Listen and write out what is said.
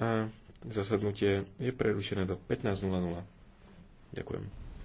a zasadnutie je prerušené do 15.00. Ďakujem.